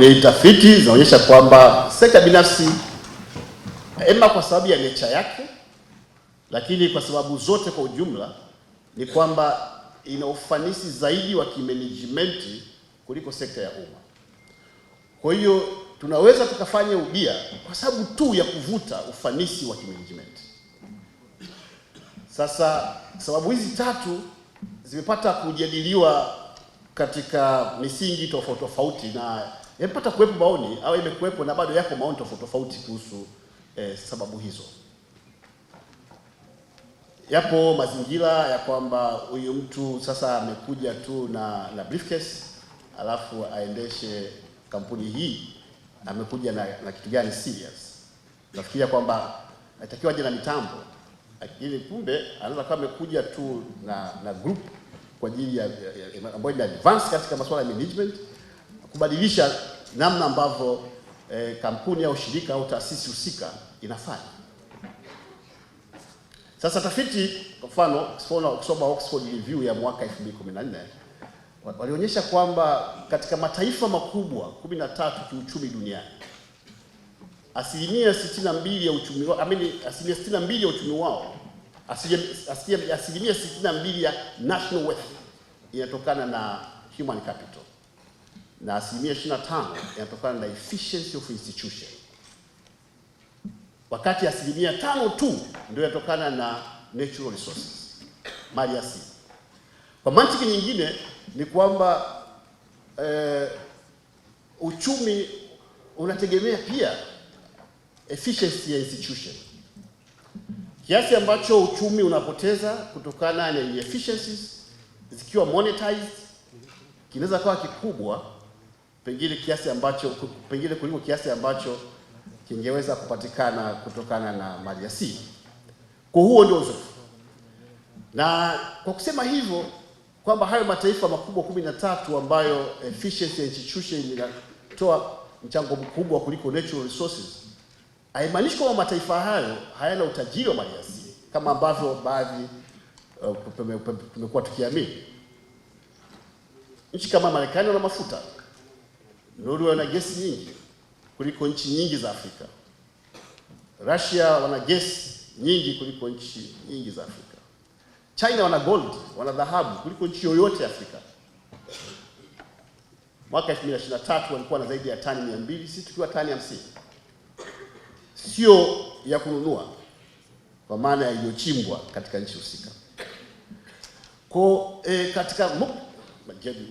Ni tafiti zinaonyesha kwamba sekta binafsi ema kwa sababu ya necha yake, lakini kwa sababu zote kwa ujumla ni kwamba ina ufanisi zaidi wa kimanagement kuliko sekta ya umma. Kwa hiyo tunaweza tukafanya ubia kwa sababu tu ya kuvuta ufanisi wa kimanagement. Sasa sababu hizi tatu zimepata kujadiliwa katika misingi tofauti tofauti na Yamepata kuwepo maoni au imekuwepo na bado yako maoni tofauti tofauti kuhusu eh, sababu hizo. Yapo mazingira ya kwamba huyu mtu sasa amekuja tu na na briefcase alafu aendeshe kampuni hii, amekuja na, na kitu gani serious? Nafikiria kwamba atakiwa aje na mitambo, lakini kumbe anaweza kama amekuja tu na na group kwa ajili ya ambayo ni advance katika masuala ya management kubadilisha namna ambavyo eh, kampuni au shirika au taasisi husika inafanya. Sasa tafiti kwa mfano kusoma Oxford Review ya mwaka 2014 walionyesha kwamba katika mataifa makubwa 13 kiuchumi duniani asilimia 62 ya uchumi wao, amini, asilimia 62 ya uchumi wao, asilimia 62 ya national wealth inatokana na human capital na asilimia 25 inatokana na efficiency of institution, wakati asilimia tano tu ndio inatokana na natural resources, mali asili. Kwa mantiki nyingine ni kwamba eh, uchumi unategemea pia efficiency ya institution kiasi ambacho uchumi unapoteza kutokana na inefficiencies zikiwa monetized kinaweza kuwa kikubwa pengine kiasi ambacho pengine kuliko kiasi ambacho kingeweza kupatikana kutokana na maliasili. Kwa huo ndio uzoefu, na kwa kusema hivyo kwamba hayo mataifa makubwa kumi na tatu ambayo efficiency institution inatoa mchango mkubwa kuliko natural resources, haimaanishi kwamba mataifa hayo hayana utajiri wa maliasili kama ambavyo baadhi uh, tumekuwa tukiamini. Nchi kama Marekani wana mafuta Norway wana gesi nyingi kuliko nchi nyingi za Afrika. Russia wana gesi nyingi kuliko nchi nyingi za Afrika. China wana gold, wana dhahabu kuliko nchi yoyote Afrika. Mwaka 2023 walikuwa na zaidi ya tani 200, sisi tukiwa tani 50. Sio ya kununua kwa maana iliyochimbwa katika nchi husika. Kwa e, katika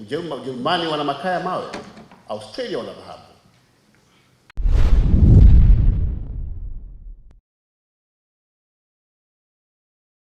Ujerumani wana makaa ya mawe Australia on the other hand,